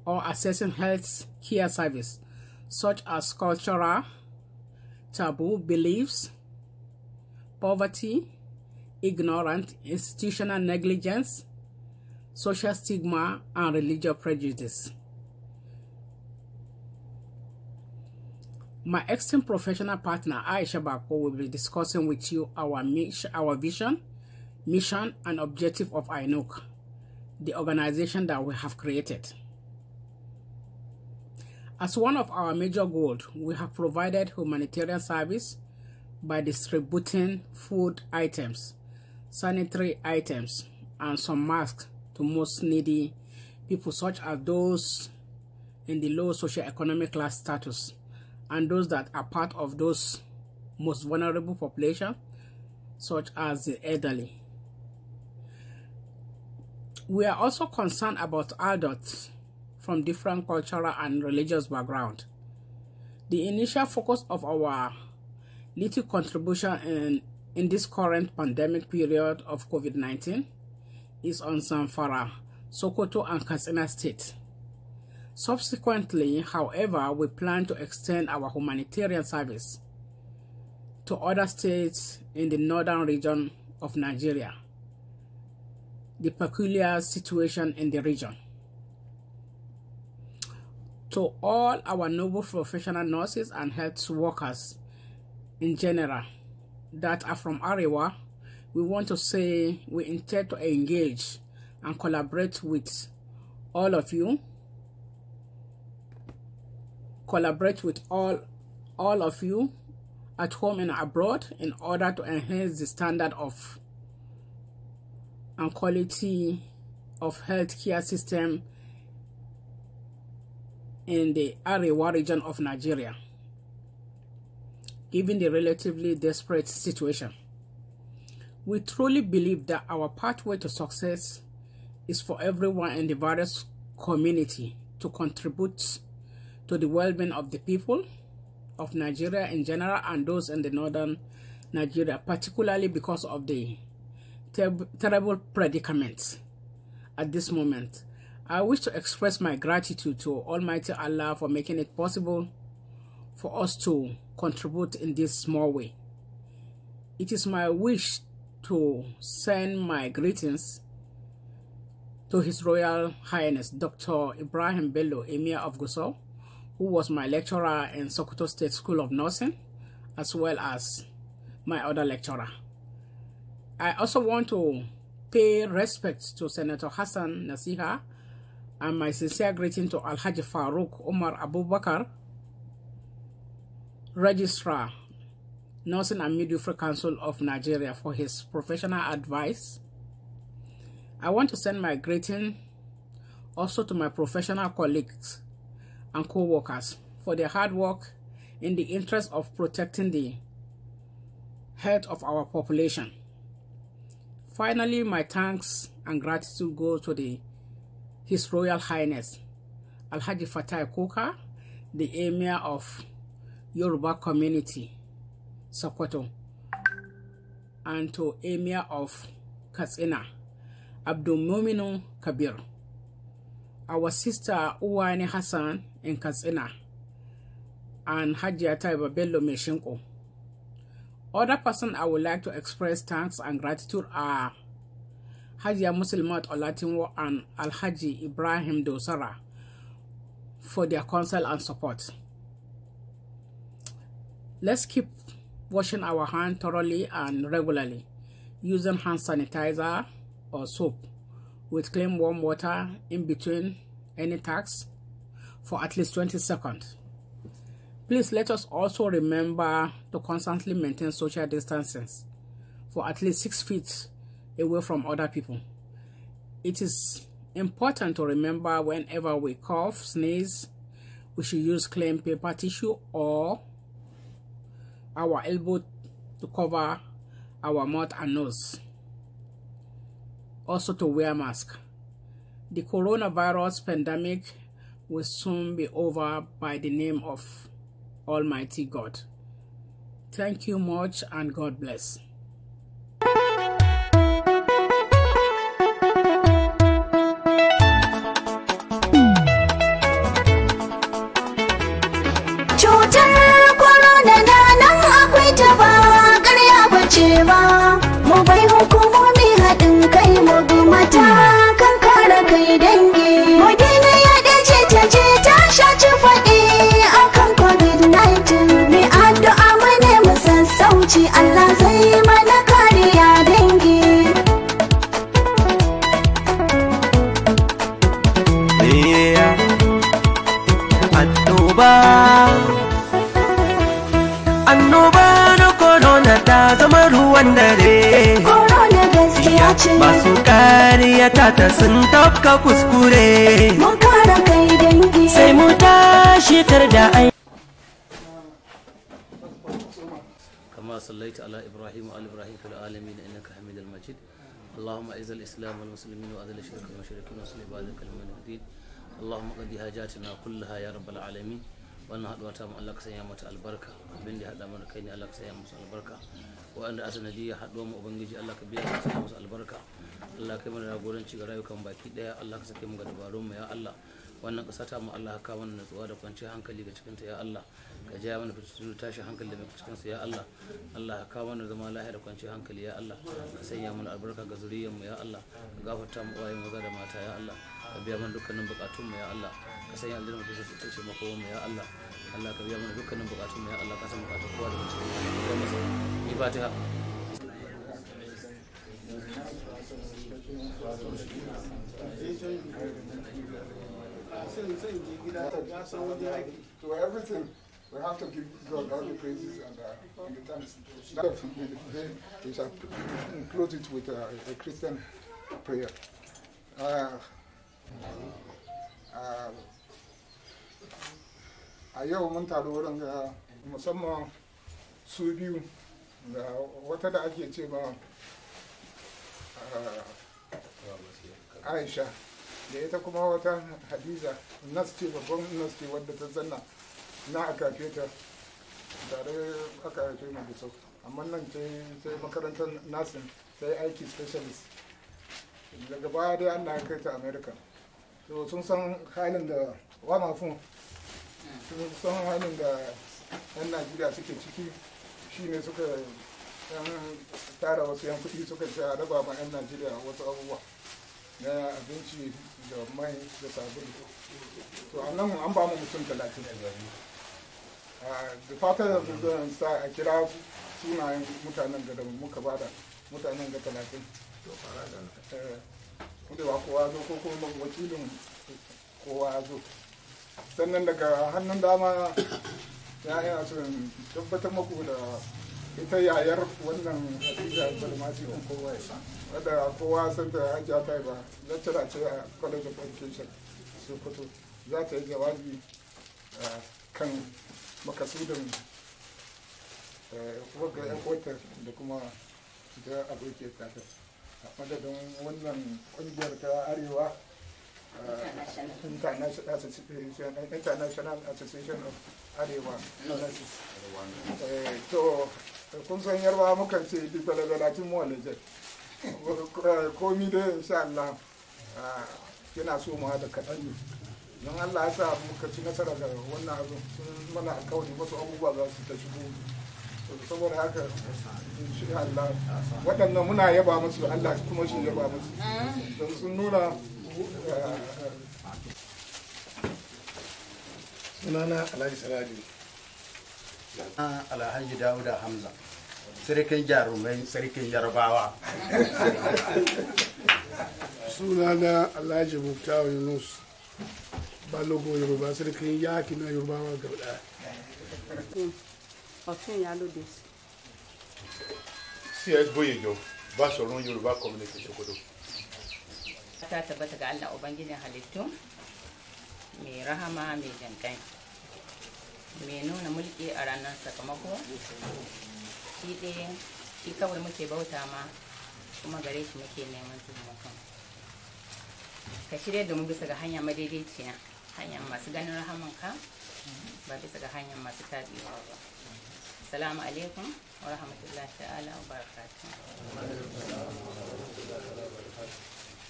or accessing health care service, such as cultural taboo beliefs, poverty, ignorance, institutional negligence, social stigma, and religious prejudice. My esteemed professional partner, Aisha Bako, will be discussing with you our, mission, our vision, mission, and objective of INOC, the organization that we have created. As one of our major goals, we have provided humanitarian service by distributing food items, sanitary items, and some masks to most needy people such as those in the low socioeconomic class status and those that are part of those most vulnerable population such as the elderly. We are also concerned about adults from different cultural and religious background. The initial focus of our little contribution in, in this current pandemic period of COVID-19 is on Zamfara, Sokoto and Katsina State. Subsequently, however, we plan to extend our humanitarian service to other states in the northern region of Nigeria, the peculiar situation in the region to all our noble professional nurses and health workers in general that are from Arewa, we want to say we intend to engage and collaborate with all of you. Collaborate with all, all of you at home and abroad in order to enhance the standard of and quality of healthcare system in the Arewa region of Nigeria, given the relatively desperate situation. We truly believe that our pathway to success is for everyone in the various community to contribute to the well-being of the people of Nigeria in general and those in the northern Nigeria, particularly because of the ter terrible predicament at this moment I wish to express my gratitude to Almighty Allah for making it possible for us to contribute in this small way. It is my wish to send my greetings to His Royal Highness Dr. Ibrahim Bello, Emir of Gusau, who was my lecturer in Sokoto State School of Nursing, as well as my other lecturer. I also want to pay respect to Senator Hassan Nasiha, and my sincere greeting to Alhaji Farouk Umar Abubakar, Registrar, Nursing and Midwifery Council of Nigeria for his professional advice. I want to send my greeting also to my professional colleagues and co-workers for their hard work in the interest of protecting the health of our population. Finally, my thanks and gratitude go to the his Royal Highness Alhaji Fatai Kuka, the Emir of Yoruba Community, Sokoto, and to Emir of Katsina, Abdulmominu Kabir. Our sister Uwani Hassan in Katsina and Hajia Taiba Bello Meshinko. Other person I would like to express thanks and gratitude are Hajiya Muslimat Olatinwo and Alhaji Ibrahim Dosara for their counsel and support. Let's keep washing our hands thoroughly and regularly using hand sanitizer or soap with clean warm water in between any tasks for at least 20 seconds. Please let us also remember to constantly maintain social distancing for at least 6 feet away from other people. It is important to remember whenever we cough, sneeze, we should use clean paper tissue or our elbow to cover our mouth and nose. Also to wear mask. The coronavirus pandemic will soon be over by the name of Almighty God. Thank you much and God bless. ruwan korona gaskiya ce masu kariya ta sun tafka kuskure mun kara kai dangi sai mu tashi tarda ai kama sallaita ala ibrahim wa ibrahim fil alamin innaka hamidul majid اللهم أعز الإسلام والمسلمين وأذل الشرك والمشركين وصل عبادك المنهدين اللهم قد هاجاتنا كلها يا رب العالمين wannan haduwa ta mu Allah ka sanya mata albarka abin da ya hada mana kai ne Allah ka sanya musu albarka waɗanda a sanadiyya haduwa mu ubangiji Allah ka biya ka sanya musu albarka Allah kai mana jagoranci ga rayukan baki daya Allah ka sake mu ga dabarun mu ya Allah wannan ƙasa ta mu Allah ka kawo mana nutsuwa da kwanciyar hankali ga cikinta ya Allah ka ja mana fitinu tashi hankali da mai cikinsu ya Allah Allah ka kawo mana zama lahiya da kwanciyar hankali ya Allah ka sanya mana albarka ga zuriyar mu ya Allah ka gafarta mu uwaye maza da mata ya Allah ka biya mana dukkanin bukatun mu ya Allah ka sanya aljanna da su tace maka mu ya Allah Allah ka biya mana dukkanin bukatun mu ya Allah ka san bukatun kowa da mutum ya masa ni fatiha To everything. We have to give God all the praises and, uh, and the thanks. We shall uh, close it with uh, a Christian prayer. Uh, uh a yau mun taru wurin ga musamman su biyu da wata da ake ce ba uh, aisha da ita kuma wata hadiza nas ce babban nas ce wadda ta zanna na a kafe ta tare aka haife mu da sau amma nan sai makarantar nasin sai aiki specialist daga baya dai an na kai ta america to sun san halin da wama mafin sun san halin da yan najeriya suke ciki shi ne suka tara wasu yan kudi suka ce a raba ma yan najeriya wasu abubuwa na abinci da mai da sabulu to a nan an ba mu mutum talatin a da da fatan da zan sa a kira sunayen mutanen da muka bada mutanen da talatin wanda eh, kowa zo ko kuma wakilin kowa zo sannan daga hannun dama ya a son tabbatar maku da ita yayar wannan hadiza balmasi ɗin kowa ya wadda kowa san ta Hajji ta ba lecturer ce a college of education sokoto za ta yi jawabi eh, kan makasudin wagga yan kotar da kuma ita abokin tatar a madadin wannan kungiyar ta arewa international association of arewa to kun san yarwa mukan ce da bibalabalatin mawalajar komi da insha Allah yana so mu haɗa kaɗan ne don Allah ya sa muka ci nasara da wannan abu sun mana alkawari wasu abubuwa za su ta shigo saboda haka shi Allah waɗannan muna yaba musu Allah kuma shi yaba musu don sun nuna eh, sunana Alhaji Salali Alhaji Dawuda Hamza sarkin jarumai sarkin yarbawa <laughs> sunana Alhaji Muktawa Yunus yoruba sai ya ki na balógun yorùbá sẹ́ríkì yáàkì náà yorùbá wà gàdá. ọ̀tún ìyálóde. cs boyejo basọ̀run yoruba community sokoto. ta tabbata ga allah ubangijin halittu mai rahama mai jankai mai nuna mulki a ranar sakamako shi ɗaya shi kawai muke bauta ma kuma gare shi muke neman taimakon ka shirya da mu bisa ga hanya madaidaiciya hanyar masu ganin rahamanka ba bisa ga hanyar masu taɗewa ba salamu alaikum wa rahmatullahi ta'ala wa barakatu.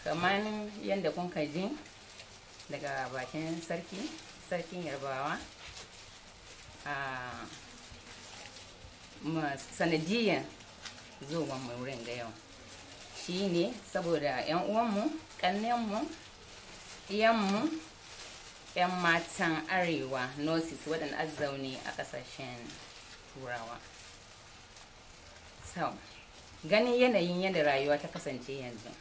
kamar yadda kun ji daga bakin sarki sarkin yarbawa a sanadiyar zuwan mu wurin da yau shi ne saboda 'yan uwanmu ƙannenmu iyanmu 'yan matan arewa nurses waɗanda azzaune a ƙasashen turawa so ganin yanayin yadda rayuwa ta kasance yanzu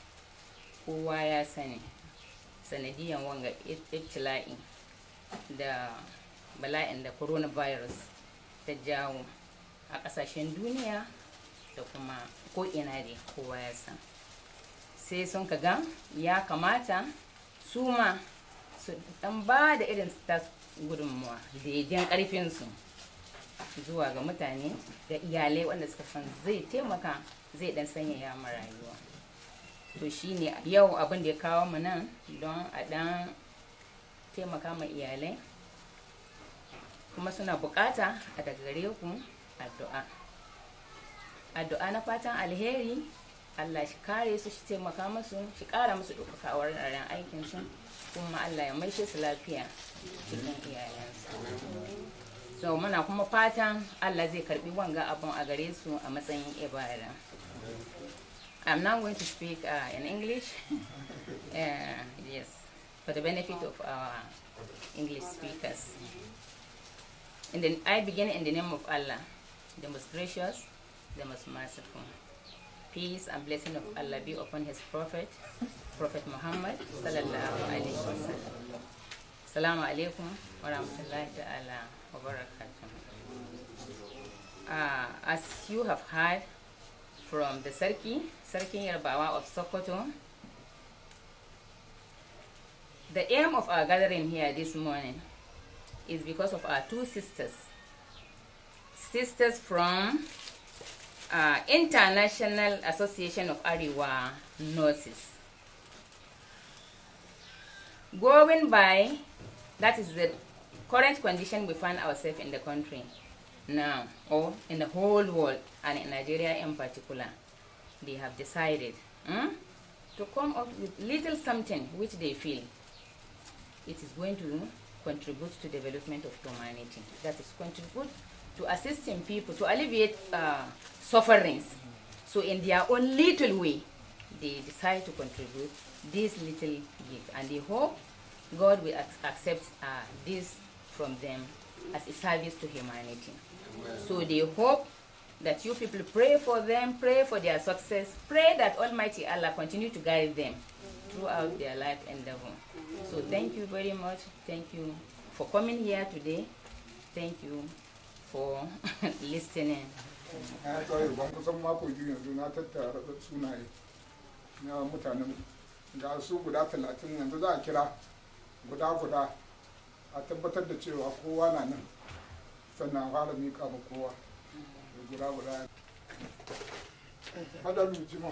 kowa ya sani sanadiyan wanga itilai da bala'in da coronavirus ta jawo a ƙasashen duniya da kuma ko'ina dai kowa ya san sai sun ka ga ya kamata su ma su dan ba da irin tas gudunmuwa daidai karfinsu zuwa ga mutane da iyalai wanda suka san zai taimaka zai dan sanyaya mu rayuwa to shine yau abin da ya kawo mu nan don a dan taimaka ma iyalai kuma suna bukata a daga gare ku addu'a addu'a na fatan alheri Allah shi kare su shi taimaka musu shi kara musu ɗaukaka a wurin aikin su kuma Allah ya maishe su lafiya cikin so muna kuma fatan Allah zai karbi wanga abun a gare su a matsayin ibada I'm now going to speak uh, in English <laughs> uh, yes for the benefit of our English speakers and then I begin in the name of Allah the most gracious the most merciful peace and blessing of Allah be upon his prophet, Prophet Muhammad sallallahu alaihi wasallam. Assalamu alaikum wa rahmatullahi ta'ala wa barakatuh. Uh, as you have heard from the Sarki, Sarki Yarbawa of Sokoto, the aim of our gathering here this morning is because of our two sisters, sisters from uh, International Association of Ariwa Nurses. Going by, that is the current condition we find ourselves in the country now, or in the whole world, and in Nigeria in particular, they have decided hmm, to come up with little something which they feel it is going to contribute to development of humanity. That is contribute to assisting people, to alleviate uh, sufferings. So in their own little way, they decide to contribute this little gift. And they hope God will accept uh, this from them as a service to humanity. Amen. So they hope that you people pray for them, pray for their success, pray that Almighty Allah continue to guide them throughout their life endeavor. So thank you very much. Thank you for coming here today. Thank you for <laughs> listening. ya tsaye ban kusan mako biyu yanzu na tattara sunaye na mutanen ga su guda talatin yanzu za a kira guda guda a tabbatar da cewa kowa na nan sannan fara miƙa ma kowa guda guda hada lujima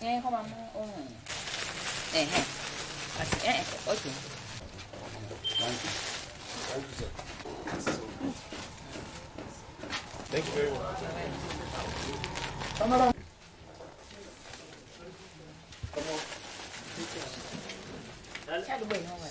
nghe không ăn ôi nè hè à chị ấy ôi chị Thank you very much. Come on. Come on. Chắc được bình không ạ?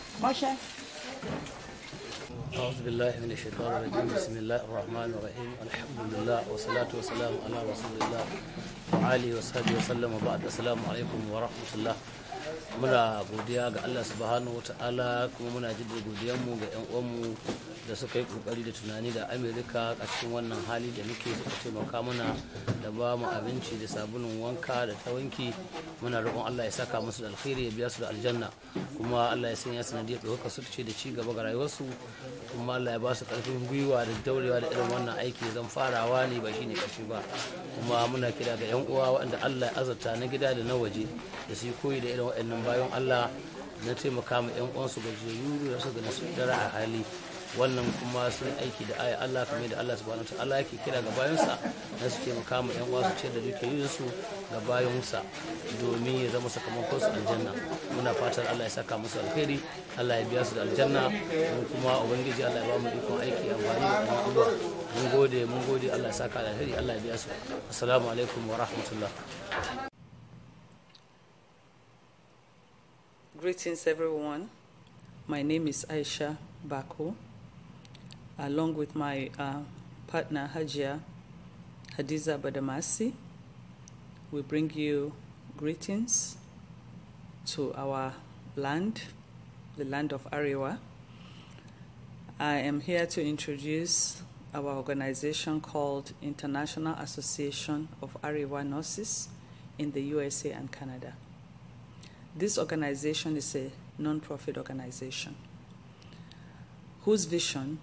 عشاء أعوذ بالله من الشيطان الرجيم بسم الله الرحمن الرحيم الحمد لله والصلاة والسلام على رسول الله وعلى وصحبه وسلم وبعد السلام عليكم ورحمة الله muna godiya ga Allah subhanahu wa ta'ala kuma muna jaddada godiyanmu ga 'yan uwanmu da suka yi kokari da tunani da amerika a cikin wannan hali da muke suka taimaka mana da ba mu abinci da sabulun wanka da ta wanki muna roƙon allah ya saka musu da alkhairi ya biya su da aljanna kuma allah ya sanya sanadiyar ɗaukaka su ce da ci gaba ga rayuwarsu kuma allah ya ba su ƙarfin gwiwa da daurewa da irin wannan aiki zan farawa ne ba shine ƙarshe ba kuma muna kira ga yan uwa waɗanda allah ya azurta na gida da na waje da su koyi da irin waɗannan bayan allah na taimaka ma 'yan uwansu gajiyayyu da su ga nasu a hali wannan kuma sun aiki da aya Allah kamar da Allah subhanahu Allah yake kira ga bayansa na su taimaka ma yan wasu ce da yi su ga bayansa domin ya zama sakamakon su aljanna muna fatan Allah ya saka musu alheri Allah ya biya su da aljanna mun kuma ubangiji Allah ya ba mu ikon aiki a da wannan abuwa mun gode mun gode Allah ya saka alheri Allah ya biya su assalamu alaikum wa rahmatullah Greetings everyone. My name is Aisha Bako. along with my uh, partner Hajia Hadiza Badamasi. We bring you greetings to our land, the land of Ariwa. I am here to introduce our organization called International Association of Ariwa Nurses in the USA and Canada. This organization is a non-profit organization whose vision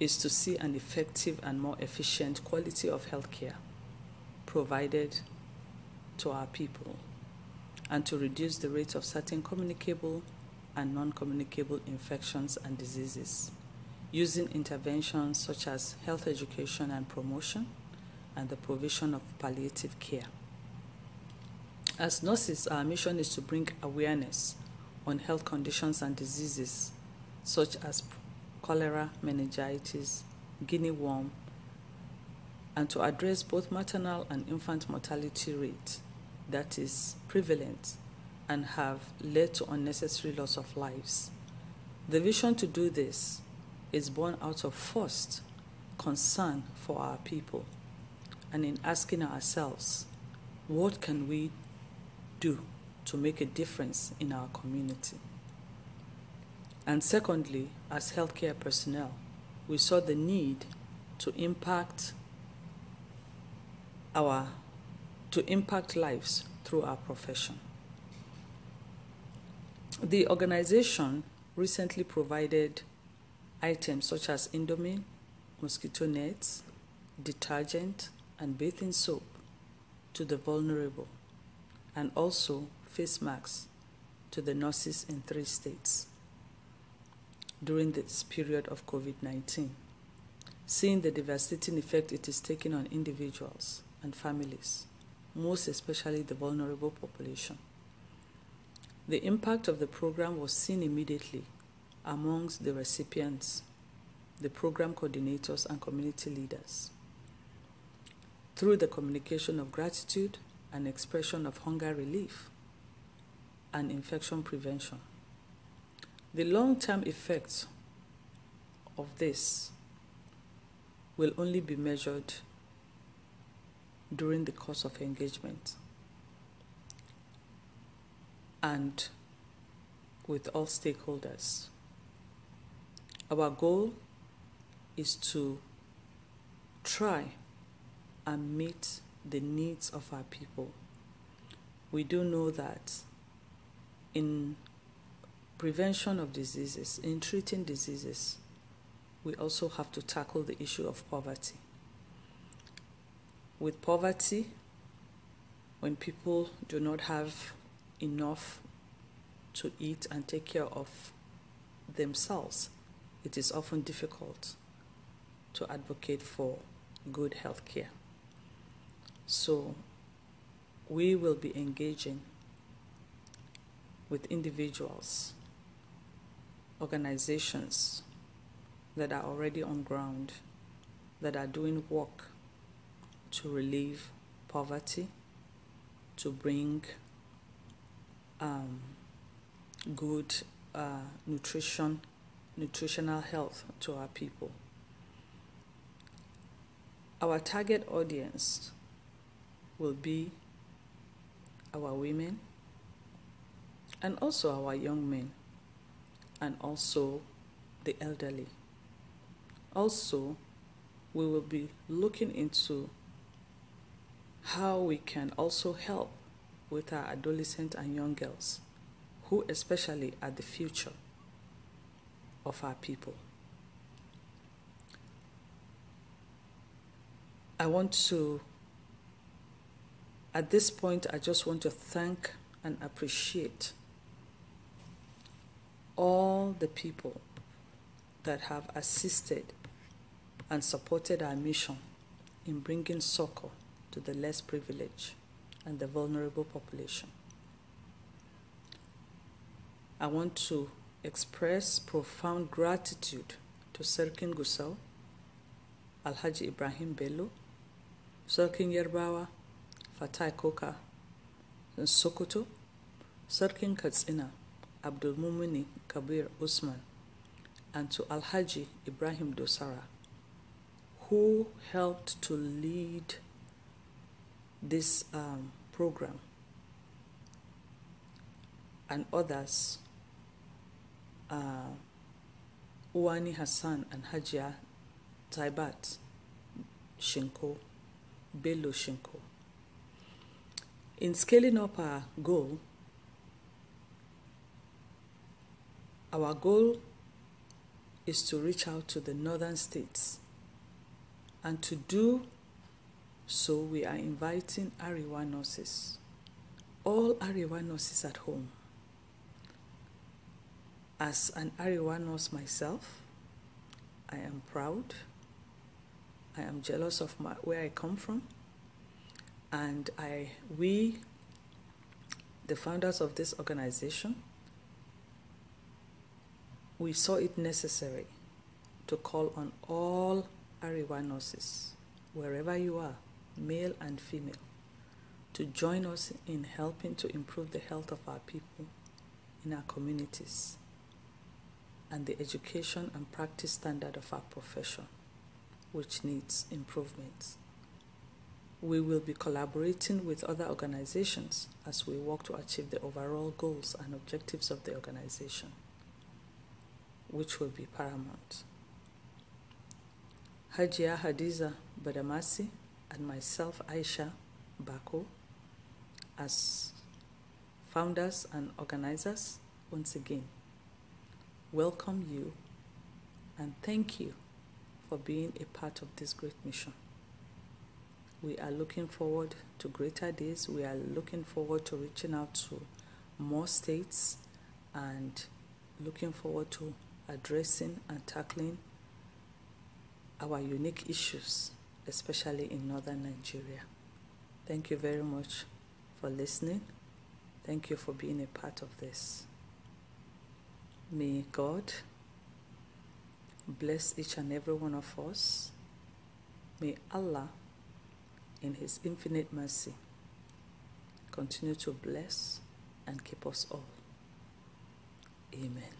is to see an effective and more efficient quality of healthcare provided to our people and to reduce the rate of certain communicable and non communicable infections and diseases using interventions such as health education and promotion and the provision of palliative care. As nurses, our mission is to bring awareness on health conditions and diseases such as cholera, meningitis, guinea worm, and to address both maternal and infant mortality rate that is prevalent and have led to unnecessary loss of lives. The vision to do this is born out of first concern for our people and in asking ourselves, what can we do to make a difference in our community? And secondly, as healthcare personnel, we saw the need to impact our to impact lives through our profession. The organization recently provided items such as Indomie, mosquito nets, detergent, and bathing soap to the vulnerable, and also face masks to the nurses in three states during this period of COVID 19, seeing the devastating effect it is taking on individuals and families, most especially the vulnerable population. The impact of the program was seen immediately amongst the recipients, the program coordinators, and community leaders through the communication of gratitude and expression of hunger relief and infection prevention. The long-term effects of this will only be measured during the course of engagement and with all stakeholders. Our goal is to try and meet the needs of our people. We do know that in prevention of diseases, in treating diseases, we also have to tackle the issue of poverty. With poverty, when people do not have enough to eat and take care of themselves, it is often difficult to advocate for good health care. So, we will be engaging with individuals organizations that are already on ground that are doing work to relieve poverty, to bring um, good uh, nutrition, nutritional health to our people. Our target audience will be our women and also our young men and also the elderly. Also, we will be looking into how we can also help with our adolescent and young girls, who especially are the future of our people. I want to, at this point, I just want to thank and appreciate all the people that have assisted and supported our mission in bringing succor to the less privileged and the vulnerable population. I want to express profound gratitude to Serkin Gusau, Alhaji Ibrahim Bello, Serkin Yerbawa, Fatai Koka, and Sokoto, Serkin Katsina, Abdulmumini Kabir Usman and to Alhaji Ibrahim Dosara, who helped to lead this um, program, and others, uh, Uwani Hassan and Hajia Taibat Shinko, Belo Shinko. In scaling up our goal, Our goal is to reach out to the northern states. And to do so, we are inviting Ariwa nurses, all Ariwa nurses at home. As an Ariwa nurse myself, I am proud. I am jealous of my, where I come from. And I, we, the founders of this organization, we saw it necessary to call on all Ariwanosis, wherever you are, male and female, to join us in helping to improve the health of our people in our communities and the education and practice standard of our profession, which needs improvement. We will be collaborating with other organizations as we work to achieve the overall goals and objectives of the organization which will be paramount. Hajia Hadiza Badamasi and myself Aisha Bako as founders and organizers once again welcome you and thank you for being a part of this great mission. We are looking forward to greater days. We are looking forward to reaching out to more states and looking forward to addressing and tackling our unique issues, especially in northern Nigeria. Thank you very much for listening. Thank you for being a part of this. May God bless each and every one of us. May Allah, in His infinite mercy, continue to bless and keep us all. Amen.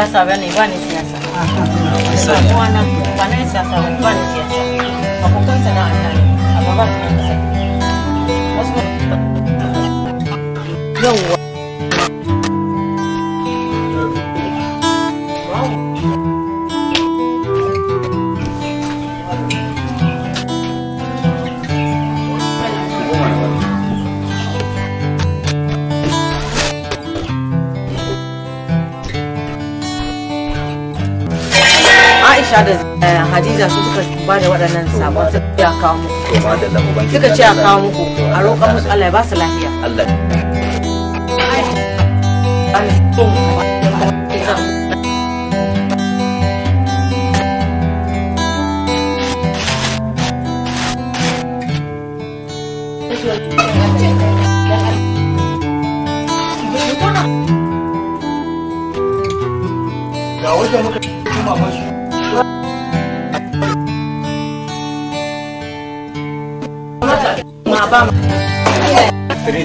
siasa bane ba ni siyasa wannan ba na siyasa ba ba ni siyasa akwai sana'a ta amma ba ni siyasa yawwa hadiza su suka ba da waɗannan sabon suka ya kawo muku suka ce a kawo muku a roƙon musu allah ya ba su lafiya allah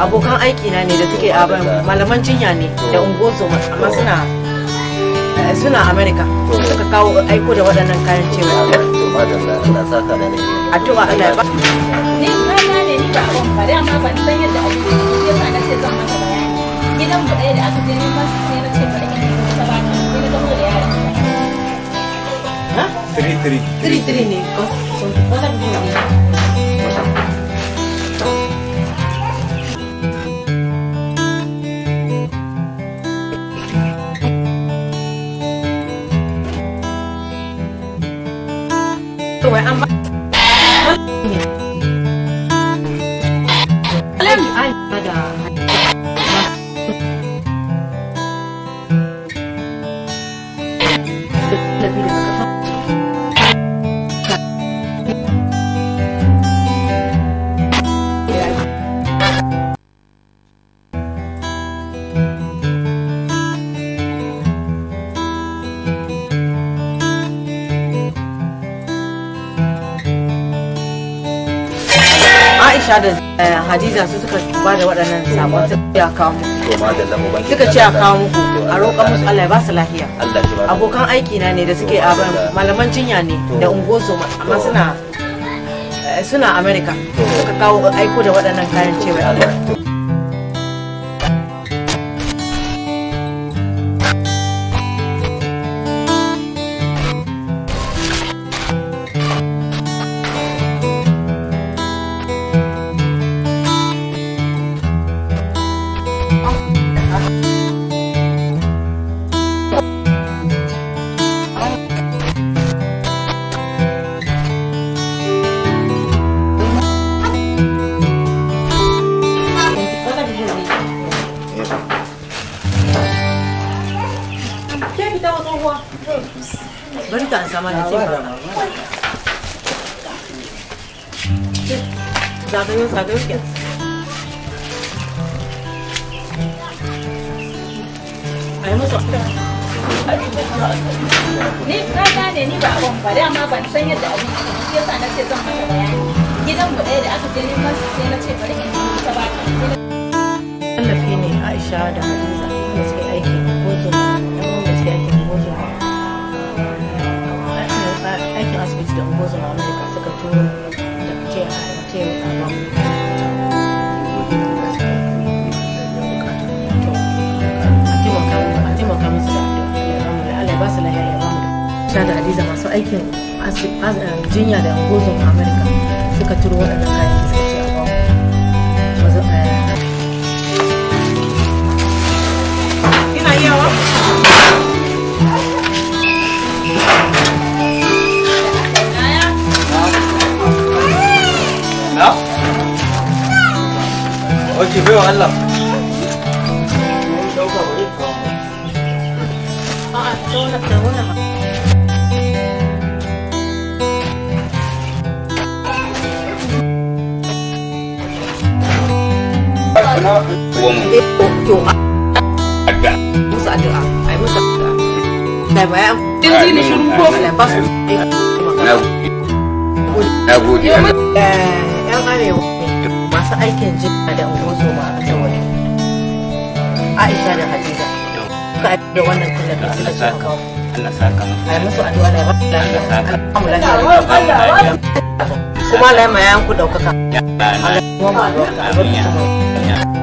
abokan aiki na ne da suke a malaman jinya ne da ungozo amma suna suna america suka kawo aiko da waɗannan kayan cewa a ba ni kana ne ni ba ba ban san yadda ake yi yasa na ce zan maka bayani gidan mu ɗaya da aka je ba sai na ce bari in yi ta ba ni na gamo da ha ne ko ne Anyway, I'm. aisha da eh, hadiza su suka ba da waɗannan sakon su ya kawo muku suka ce a kawo muku a roƙa musu allah ya ba su lafiya abokan aiki na ne da suke a malaman jinya ne da ungozo amma suna eh, suna america suka kawo aiko da waɗannan kayan cewa 明年，明年。